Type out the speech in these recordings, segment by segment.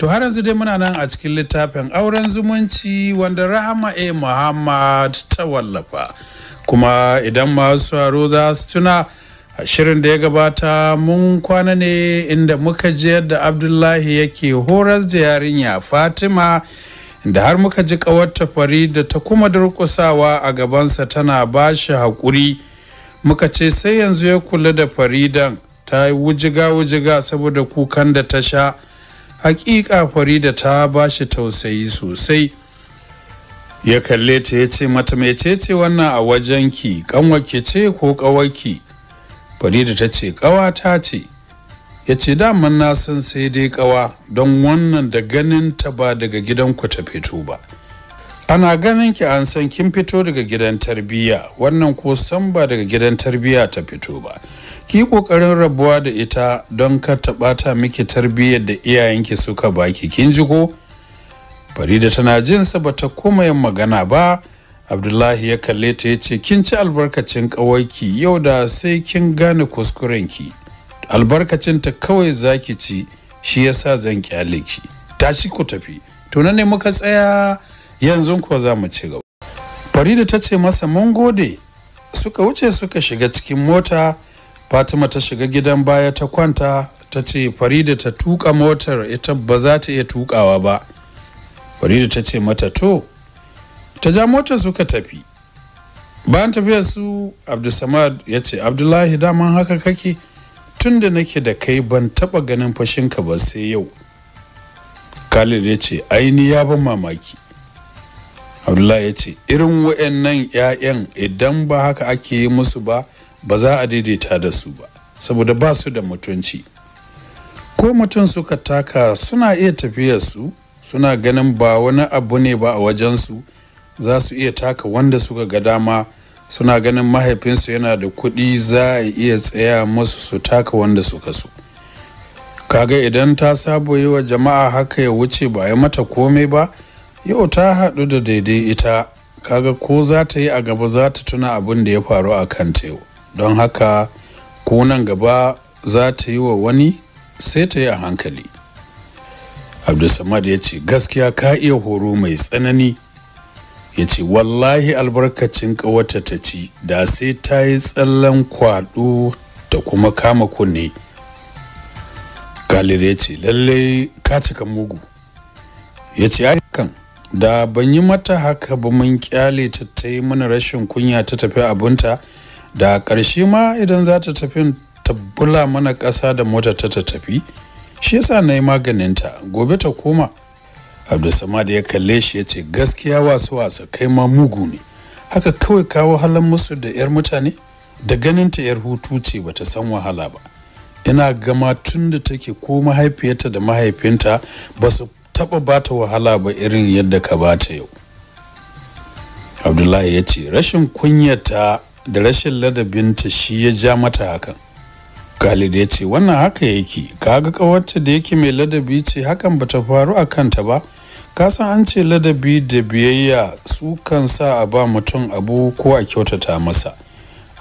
To har yanzu dai muna nan a cikin littafin auren zumunci wanda Rahama A. Muhammad ta wallafa. Kuma idan masu haro za su tuna a shirin da ya gabata mun kwana ne inda muka ji yadda Abdullahi yake horas da yarinya Fatima da har muka ji ƙawarta da ta kuma durƙusawa a gabansa tana ba shi haƙuri. Muka ce sai yanzu ya kula da Faridan ta yi wujiga-wujiga saboda kukan da ta sha. hakika farida ta ba shi tausayi sosai ya kalle ta ya ce mata mecece wannan a wajenki kanwake ce ko kawaki farida ta ce kawa ta ce ya ce daman na san sai dai kawa don wannan da ganin ta ba daga gidanku ta fito ba ana ganin ki an san kin fito daga gidan tarbiyya wannan ko san ba daga gidan tarbiyya ta fito ba ki kokarin rabuwa da ita don ka taɓa ta miki tarbiyyar da iyayenki suka baki kin ji ko farida tana jin sa bata koma yin magana ba abdullahi ya kalle ta yace kin ci albarkacin kawaiki yau da sai kin gane kuskurenki ta kawai zaki ci shi yasa zan kyale ki tashi ku tafi to ne muka tsaya yanzu ko za mu ci gaba farida ta ce masa mun gode suka wuce suka shiga cikin mota fatima ta shiga gidan baya ta kwanta ta ce farida ta tuka motar ita ba za ta iya tukawa ba farida ta ce mata to ta ja motar suka tafi bayan tafiyar su abdulsamad ya ce abdullahi daman haka kake tun da nake da kai ban taba ganin fashinka ba sai yau khalid ya ce aini ya ban mamaki abdullahi ya ce irin wa'annan 'ya'yan idan ba haka ake yi musu ba ba za a daidaita da su ba saboda ba su da mutunci ko mutum suka taka suna iya tafiyar su suna ganin ba wani abu ne ba a wajensu za su iya taka wanda suka ga dama suna ganin mahaifinsu yana da kuɗi za a iya tsaya musu su taka wanda suka su kaga idan ta sabo yi wa jama'a haka ya wuce ba ya mata komai ba yau ta haɗu da daidai ita kaga ko za ta yi a gaba za ta tuna abin da ya faru a kan yau don haka ko nan gaba za ta yi wa wani sai ta yi a hankali abdulsamad ya ce gaskiya ka iya horo mai tsanani ya ce wallahi albarkacin ƙawata ta ci da sai ta yi tsallan kwaɗo ta kuma kama kunne kalir ya ce lallai ka cika mugu ya ce ayyukan, da ban yi mata haka ba mun kyale ta ta yi mana rashin kunya ta tafi abinta da ƙarshe ma idan za ta tafi tabbula mana ƙasa da mota ta ta tafi shi yasa na yi maganinta gobe ta koma abdulsamad ya kalle shi ya ce gaskiya wasu wasa kai ma mugu ne haka kawai kawo halin musu da 'yar mutane da ganinta 'yar hutu ce bata san wahala ba ina gama tun da take ko mahaifiyarta da mahaifinta ba su taɓa bata wahala ba irin yadda ka bata yau abdullahi ya ce rashin kunyata da rashin ladabinta shi ya ja mata hakan Khalid ya ce wannan haka yake kaga kawarta da yake mai ladabi ce hakan bata faru a kanta ba kasan an ce ladabi da biyayya su kan sa a ba mutum abu ko a kyautata masa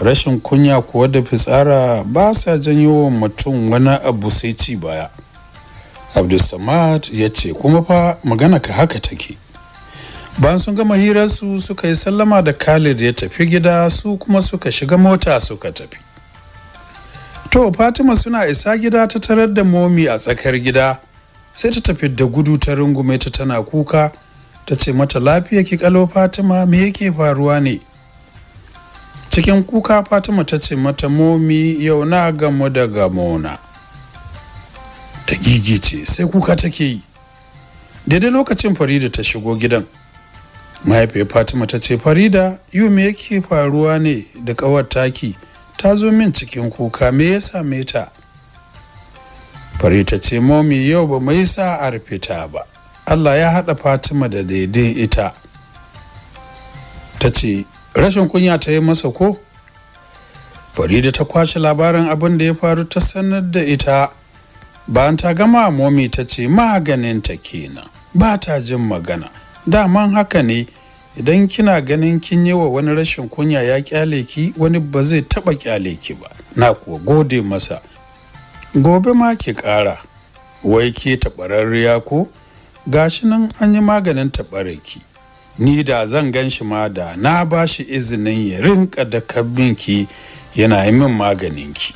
rashin kunya kuwa da fitsara ba sa janyo wa mutum wani abu sai ci baya abdulsamad ya ce kuma fa magana ka haka take bayan sun gama hirarsu suka yi sallama da khalid ya tafi gida su kuma suka shiga mota suka tafi to fatima suna isa gida ta tarar da momi a tsakar gida sai ta tafi da gudu ta rungume ta tana kuka ta ce mata lafiya ki kalo fatima me yake faruwa ne cikin kuka fatima ta ce mata momi yau na gamu da gamona ta gigice sai kuka take yi daidai lokacin farida ta shigo gidan mahaifiyar fatima ta ce farida yau me yake faruwa ne da ƙawar taki ta zo min cikin kuka me ya same ta farida ce momi yau ba mai sa'ar fita ba allah ya haɗa fatima da daidai ita ta ce rashin kunya ta yi masa ko farida ta kwashe labarin abin da ya faru ta sanar da ita bayan ta gama momi ta ce ta kenan ba ta jin magana daman haka ne idan kina ganin kin yi wa wani rashin kunya ya kyale ki wani ba zai taba kyale ki ba na kuwa gode masa gobe ma ki kara wai ke taɓararriya ko gashi nan an yi maganin taɓararki ni da zan gan shi ma da na ba shi izinin ya rinka da ki yana yi min maganin ki.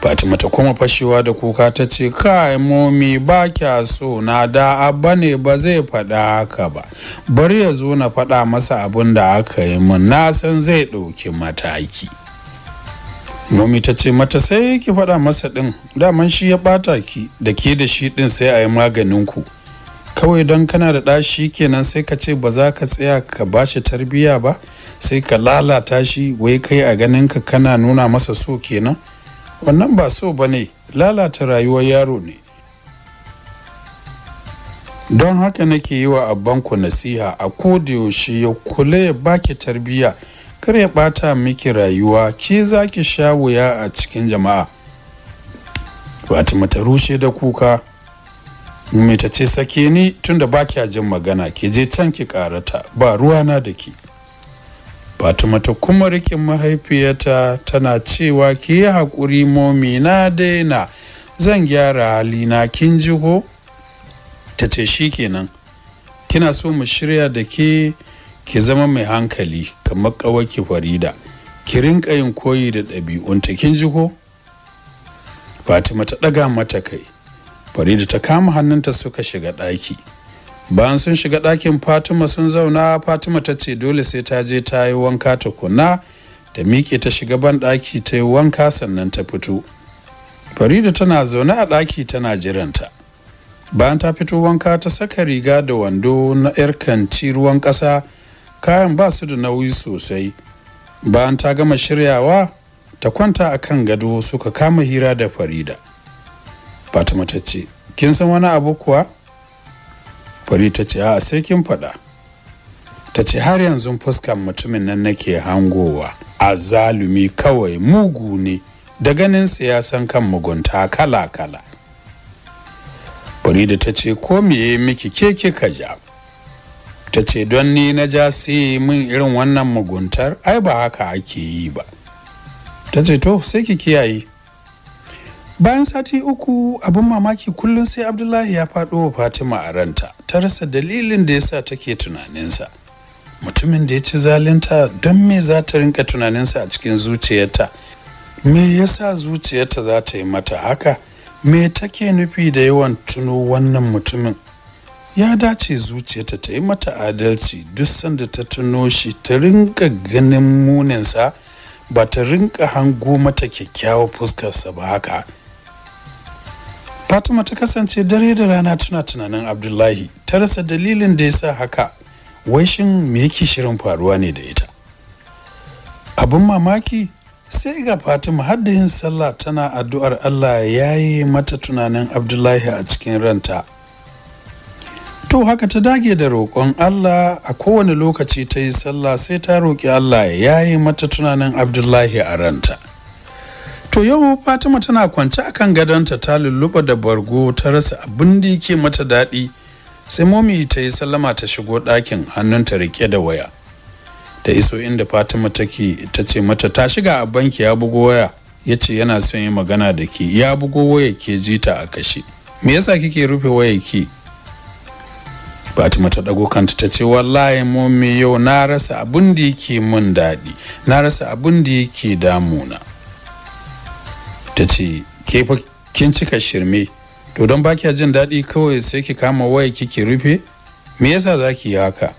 fatima mata kuma fashewa da kuka ta ce kai momi ba kya so na da abba ne ba zai faɗa haka ba bari ya zo na faɗa masa abin da aka yi min na san zai ɗauki mataki momi ta ce mata sai ki faɗa masa ɗin daman shi ya ɓata ki da ke da shi ɗin sai a yi maganin ku kawai don kana da ɗashi kenan sai ka ce ba za ka tsaya ka ba shi tarbiyya ba sai ka lalata shi wai kai a ganin kana nuna masa so kenan wannan ba so ba ne lalata rayuwar yaro ne don haka nake yi wa abbanku nasiha a yaushe ya kula ya baki tarbiyya kar ya bata miki rayuwa ke za ki sha wuya a cikin jama'a fatima ta rushe da kuka mai ta ce sake ni tunda baki a jin magana ke je can ki karata ba ruwana da ki fatima ta kuma riƙe mahaifiyata tana cewa ki yi haƙuri momi na daina zan gyara halina kin jiho. ta ce shi kenan kina so mu shirya da ke ki zama mai hankali kamar ƙawarki farida ki rinka yin koyi da ɗabi'unta kin jiho. fatima ta ɗaga mata kai farida ta kama hannunta suka shiga ɗaki bayan sun shiga ɗakin fatima sun zauna fatima ta ce dole sai ta je ta yi wanka ta kunna ta miƙe ta shiga ban ɗaki ta yi wanka sannan ta fito farida tana zaune a ɗaki tana jiranta bayan ta fito wanka ta saka riga da wando na 'yar kanti ruwan ƙasa kayan ba su da nauyi sosai bayan ta gama shiryawa ta kwanta a kan gado suka kama hira da farida fatima ta ce kin san wani abu kuwa fari ta ce a sai kin faɗa ta ce har yanzu fuskan mutumin nan nake hangowa a zalumi kawai mugu ne da ganin siyasan kan mugunta kala-kala farida ta ce ko meye miki keke ka ja ta ce don ni na ja sai min irin wannan muguntar ai ba haka ake yi ba ta ce to sai ki kiyaye bayan sati uku abin mamaki kullum sai abdullahi ya faɗo wa fatima a ranta ta rasa dalilin da ya sa take tunaninsa mutumin da ya ci zalinta don me za ta rinka tunaninsa a cikin zuciyarta me ya sa zuciyarta za ta yi mata haka me take nufi da yawan tuno wannan mutumin ya dace zuciyarta ta yi mata adalci duk sanda ta tuno shi ta rinka ganin muninsa ba ta rinka hango mata kyakkyawa fuskarsa ba haka fatima ta kasance dare da rana tana tunanin abdullahi ta rasa dalilin da ya sa haka wai shin me yake shirin faruwa ne da ita abin mamaki sai ga fatima har yin sallah tana addu'ar allah ya yi mata tunanin abdullahi a cikin ranta to haka ta dage da roƙon allah a kowane lokaci ta yi sallah sai ta roƙi allah ya yi mata tunanin abdullahi a ranta to yau fatima tana kwance a kan gadonta ta lulluɓa da bargo ta rasa abin da yake mata daɗi sai momi ta yi sallama ta shigo ɗakin hannunta riƙe da waya ta iso inda fatima take ta ce mata ta shiga a banki ya bugo waya ya ce yana son yi magana da ke ya bugo waya ke jita a kashe me yasa kike rufe waya ke? Fatima ta ɗago kanta ta ce wallahi momi yau na rasa abin da yake mun daɗi na rasa abin da yake damuna ta ce ke fa kin cika shirme to don ba kya jin daɗi kawai sai ki kama waya kike rufe me yasa za ki yi haka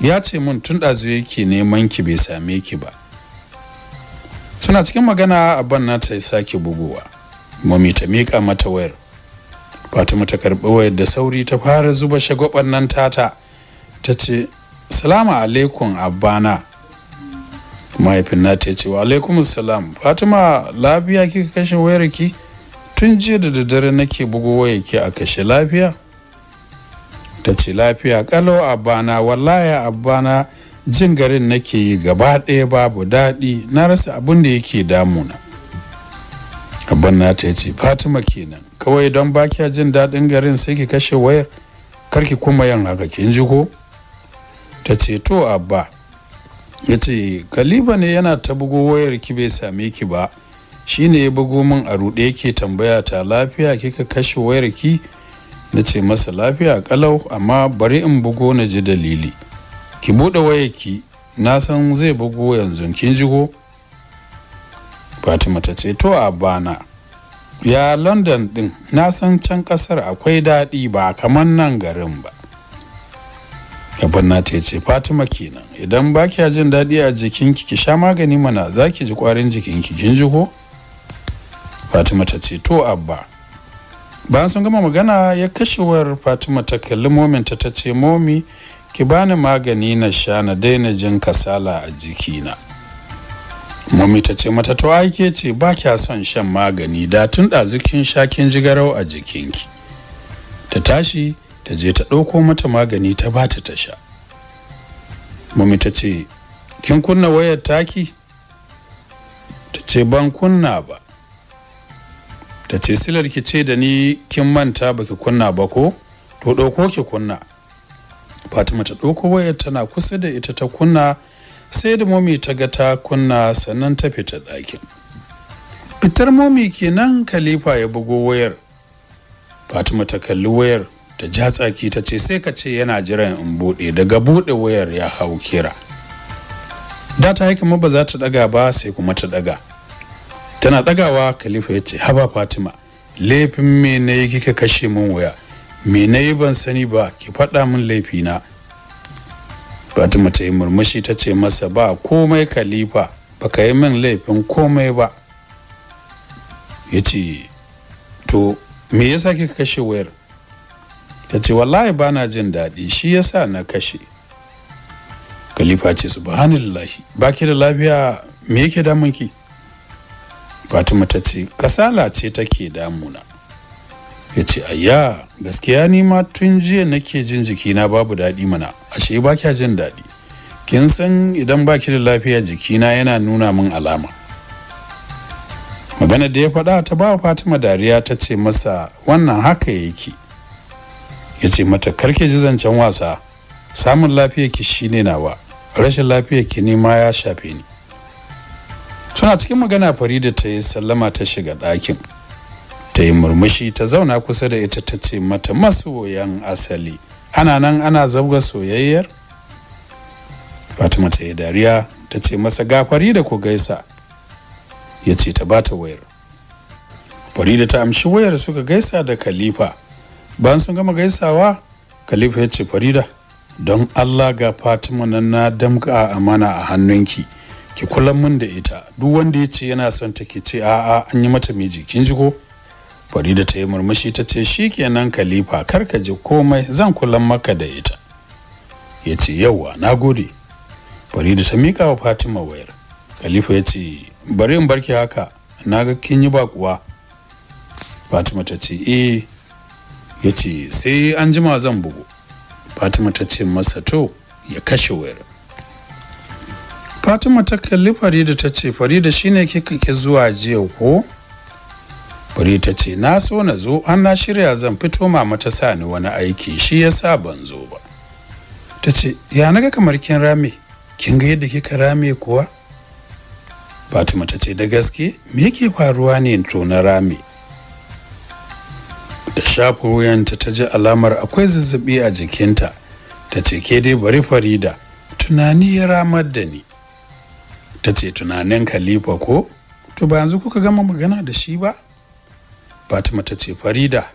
ya ce mun tun ɗazu yake neman ki bai same ki ba suna cikin magana abban ta ya sake bugowa mami ta miƙa mata wayar fatima ta karɓi wayar da sauri ta fara zuba shagwaban nan tata ta ce salamu alaikum abbana mahaifin nata ya ce wa alaikum salam fatima lafiya kika kashe wayar ki tun jiya da daddare nake bugo waya ki a kashe lafiya ta ce lafiya kalo abana wallaya abana jin garin nake yi gaba ɗaya babu daɗi na rasa abin da yake damuna abban nata ya ce fatima kenan kawai don ba kya jin daɗin garin sai ki kashe wayar karki kuma yin haka kin ji ko ta ce to abba ya ce kaliba ne yana ta bugo wayar ki bai same ki ba shi ne ya bugo min a rude yake tambaya ta lafiya kika kashe wayar ki na ce masa lafiya kalau amma bari in bugo na ji dalili ki buɗe wayar ki na san zai bugo yanzu kin ji ko fatima ta ce to a bana ya london din na san can kasar akwai daɗi ba kamar nan garin ba gaban nata ya ce fatima kenan idan ba kiya jin daɗi a jikinki ki sha magani mana zaki ki ji ƙwarin jikinki kin ji ko fatima ta ce to abba bayan sun gama magana ya kashewar fatima ta kalli mominta ta ce momi ki bani magani na sha na daina jin kasala a jikina momi ta ce mata to ke ce ba kya son shan magani da tun ɗazu kin sha kin ji garau a jikinki ta tashi ta je ta ɗauko mata magani ta bata ta sha mami ta ce kin kunna wayar taki ta ce ban kunna ba ta ce silar ki ce da ni kin manta baki kunna ba ko to ɗauko ki kunna fatima ta ɗauko wayar tana kusa da ita ta kunna sai da momi ta ga ta kunna sannan ta fita ɗakin fitar momi kenan khalifa ya bugo wayar fatima ta kalli wayar ta ja tsaki ta ce sai ka ce yana jiran in bude daga bude wayar ya hau kira da ta yi ma ba za ta daga ba sai kuma ta daga. tana dagawa khalifa ya ce haba fatima laifin me na yi kika kashe min waya me na yi ban sani ba ki faɗa min laifina fatima ta yi murmushi ta ce masa ba komai khalifa baka yi min laifin komai ba ya ce to me yasa kika kashe wayar ta ce wallahi ba na jin daɗi shi ya sa na kashe khalifa ce subhanallahi ba ki da lafiya me yake damunki fatima ta ce kasala ce take damuna ya ce ayya gaskiya ni ma tun jiya nake jin jikina babu daɗi mana ashe ba kya jin daɗi kin san idan ba ki da lafiya jikina yana nuna min alama magana da ya faɗa ta ba fatima dariya ta ce masa wannan haka yake ya ce mata karke ji zancen wasa samun shi shine nawa rashin lafiyarki ne ma ya shafe ni suna cikin magana farida ta yi sallama ta shiga ɗakin ta yi murmushi ta zauna kusa da ita ta ce mata masoyan asali ana nan ana zabga soyayyar fatima ta yi dariya ta ce masa ga da ku gaisa ya ce ta bata wayar farida ta amshi wayar suka gaisa da khalifa bayan sun gama gaisawa khalifa ya ce farida don allah ga fatima nan na damka amana a hannunki ki kula min da ita duk wanda ya ce yana son ta ke ce a'a an yi mata miji kin jiko? farida ta yi murmushi ta ce shi kenan khalifa kar ka ji komai zan kula maka da ita ya ce yauwa na gode farida ta mika wa fatima wayar khalifa ya ce bari in barki haka na ga kin yi bakuwa fatima ta ce eh ya ce sai an jima zan bugu fatima ta ce masa to ya kashe wayar fatima ta kalli farida ta ce farida shine kika ki zuwa jiya ko farida ta ce na so na zo an na shirya zan fito mama ta sa ni wani aiki shi yasa ban zo ba ta ce ya naga kamar kin rame kin ga yadda kika rame kuwa fatima ta ce da gaske me yake faruwa ne to na rame da shafa wuyanta ta ji alamar akwai zazzabi a jikinta ta ce ke dai bari farida tunani ya ramar da ni ta ce tunanin khalifa ko to ba yanzu kuka gama magana da shi ba fatima ta ce farida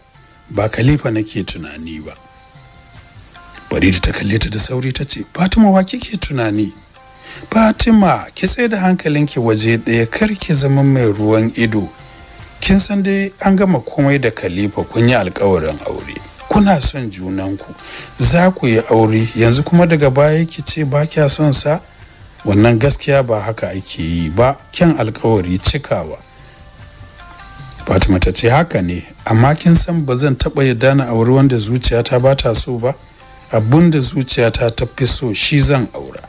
ba khalifa nake tunani ba farida ta kalle ta da sauri ta ce fatima wa kike tunani fatima ki tsaye da hankalinki waje ɗaya kar ki zama mai ruwan ido kin san dai an gama komai da kalifa kun yi alkawarin aure kuna son junan ku za ku yi aure yanzu kuma daga baya ki ce ba kya son sa wannan gaskiya ba haka ake yi ba kyan alkawari cikawa fatima ta ce haka ne amma kin san ba zan taɓa yarda na aure wanda zuciyata ba ta so ba abun da zuciyata ta fi so shi zan aura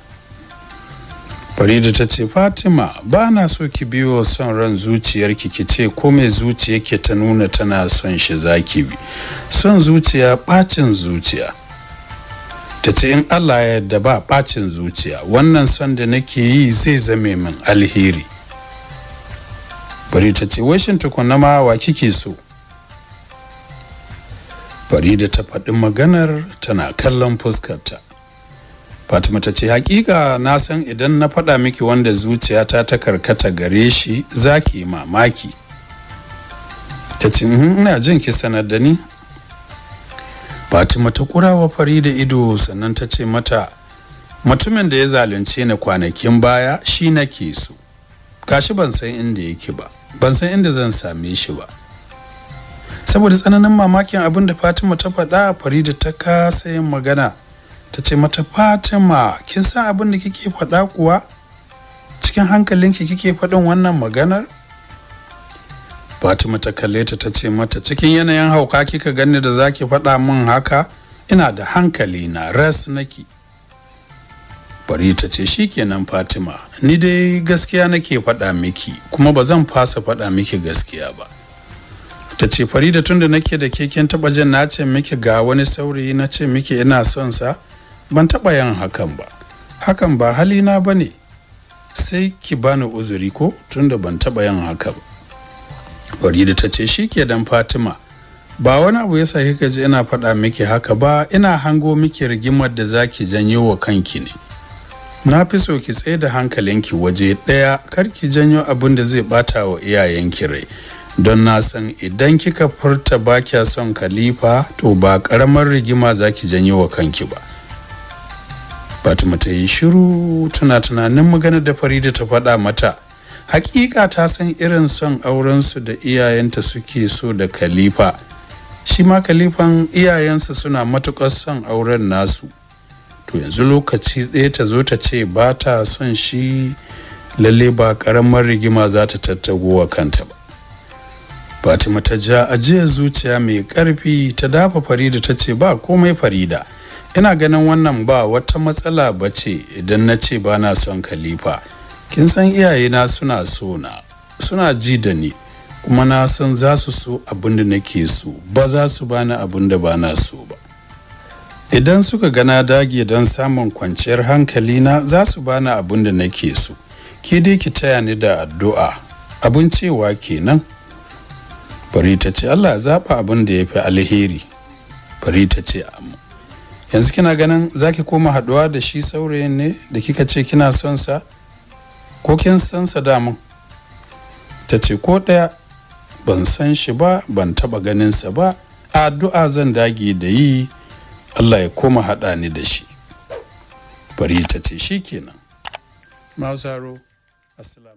farida ta ce fatima ba na so ki biyo son ran zuciyarki ki ce ko mai zuciya ke ta nuna tana son shi zaki bi son zuciya bacin zuciya ta ce in allah ya yarda ba bacin zuciya wannan son da nake yi zai zame min alheri farida ta ce washin tukuna ma wa kike so farida ta faɗi maganar tana kallon fuskarta fatima ta ce hakika na san idan na faɗa miki wanda zuciyata ta karkata gare shi zaki mamaki ta ce mhm, ina jin ki sanar da ni fatima ta kurawa fari da ido sannan ta ce mata mutumin da ya zalunce ni kwanakin baya shi nake so gashi ban san inda yake ba ban san inda zan same shi ba saboda tsananin mamakin abin da fatima ta faɗa farida ta kasa yin magana ta ce mata fatima kin san abin da kike faɗa kuwa cikin hankalinki kike faɗin wannan maganar fatima ta kalle ta ta ce mata cikin yanayin hauka kika gani da zaki faɗa min haka ina da hankali na ras nake bari ta ce shikenan fatima ni dai gaskiya nake faɗa miki kuma ba zan fasa faɗa miki gaskiya ba ta ce farida tunda nake da keken taɓa jin na ce miki ga wani saurayi na ce miki ina son sa ban taɓa yin hakan ba hakan ba halina ba ne sai ki bani uzuri ko tunda ban taɓa yin haka ba farida ta ce shi ke dan fatima ba wani abu ya sa kika ji ina faɗa miki haka ba ina hango miki rigimar da zaki janyo wa kanki ne na fi so ki tsaye da hankalinki waje ɗaya kar ki janyo abin da zai bata wa iyayenki rai don na san idan kika furta ba kya son khalifa to ba ƙaramar rigima zaki janyo wa kanki ba fatima mata yi shiru tuna tunanin maganar da farida ta faɗa mata hakika ta san irin son aurensu da iyayenta suke so da khalifa shi ma khalifan iyayensa suna matuƙar son auren nasu to yanzu lokaci ɗaya ta zo ta ce ba ta son shi lalle ba ƙaramar rigima za ta tattago wa kanta ba fatima ta ja ajiyar zuciya mai ƙarfi ta dafa farida ta ce ba komai farida ina ganin wannan ba wata matsala ba ce idan na ce ba na son khalifa kin san iyayena suna so na suna ji da ni kuma na san za su so abin da nake so ba za su bani abin da ba na so ba idan suka gana dage don samun kwanciyar hankali na za su bani abin da nake so ke dai ki taya ni da addu'a abin cewa kenan bari ta ce allah zaɓa abin da ya fi alheri bari ta ce amma yanzu kina ganin zaki koma haduwa da shi saurayin ne da kika ce kina son sa ko kin san sa mun ta ce ko daya ban san shi ba ban taba ganin sa ba addu'a zan dage da yi Allah ya koma hada ni da shi bari ta ce shi kenan masaro assalamu